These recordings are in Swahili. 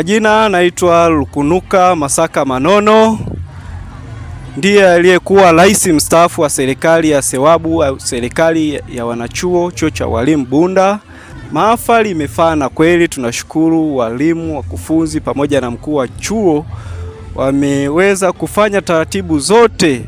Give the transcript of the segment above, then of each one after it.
Majina naitwa Lukunuka Masaka Manono, ndiye aliyekuwa rais mstaafu wa serikali ya Sewabu serikali ya wanachuo chuo cha walimu Bunda. Mahafali imefana kweli, tunashukuru walimu, wakufunzi pamoja na mkuu wa chuo wameweza kufanya taratibu zote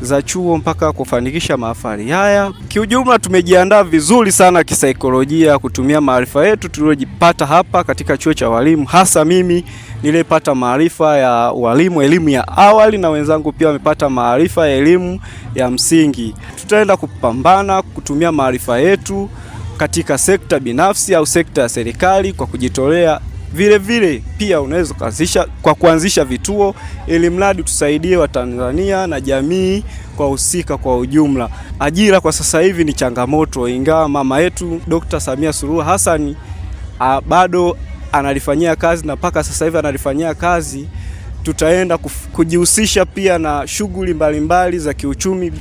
za chuo mpaka kufanikisha mahafali haya. Kiujumla, tumejiandaa vizuri sana kisaikolojia kutumia maarifa yetu tuliyojipata hapa katika chuo cha walimu, hasa mimi niliyepata maarifa ya walimu elimu ya awali na wenzangu pia wamepata maarifa ya elimu ya msingi. Tutaenda kupambana kutumia maarifa yetu katika sekta binafsi au sekta ya serikali kwa kujitolea Vilevile pia unaweza kuanzisha kwa kuanzisha vituo, ili mradi tusaidie Watanzania na jamii kwa husika kwa ujumla. Ajira kwa sasa hivi ni changamoto, ingawa mama yetu Dr. Samia Suluhu Hassan bado analifanyia kazi na mpaka sasa hivi analifanyia kazi. Tutaenda kujihusisha pia na shughuli mbalimbali za kiuchumi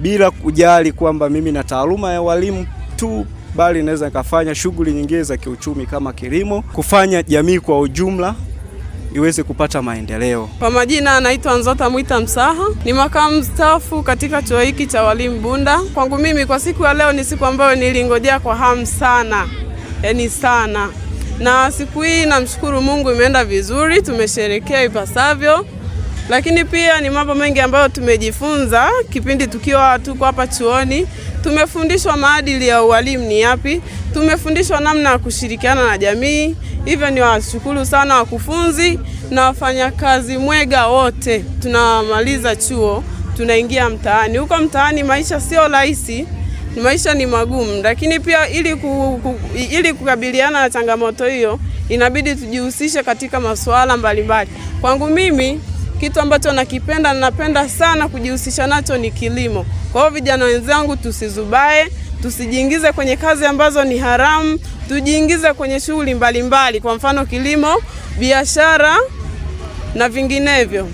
bila kujali kwamba mimi na taaluma ya walimu tu bali inaweza ikafanya shughuli nyingine za kiuchumi kama kilimo, kufanya jamii kwa ujumla iweze kupata maendeleo. Kwa majina anaitwa Nzota Mwita Msaha, ni makamu mstaafu katika chuo hiki cha walimu Bunda. Kwangu mimi, kwa siku ya leo ni siku ambayo nilingojea kwa hamu sana, yaani sana, na siku hii namshukuru Mungu imeenda vizuri, tumesherekea ipasavyo, lakini pia ni mambo mengi ambayo tumejifunza kipindi tukiwa tuko hapa chuoni, Tumefundishwa maadili ya ualimu ni yapi, tumefundishwa namna ya kushirikiana na jamii. Hivyo ni washukuru sana wakufunzi na wafanyakazi Mwega wote. Tunamaliza chuo tunaingia mtaani. Huko mtaani maisha sio rahisi, maisha ni magumu, lakini pia ili, ku, ku, ili kukabiliana na changamoto hiyo inabidi tujihusishe katika masuala mbalimbali. Kwangu mimi kitu ambacho nakipenda napenda sana kujihusisha nacho ni kilimo. Kwa hiyo vijana wenzangu, tusizubae, tusijiingize kwenye kazi ambazo ni haramu, tujiingize kwenye shughuli mbalimbali, kwa mfano kilimo, biashara na vinginevyo.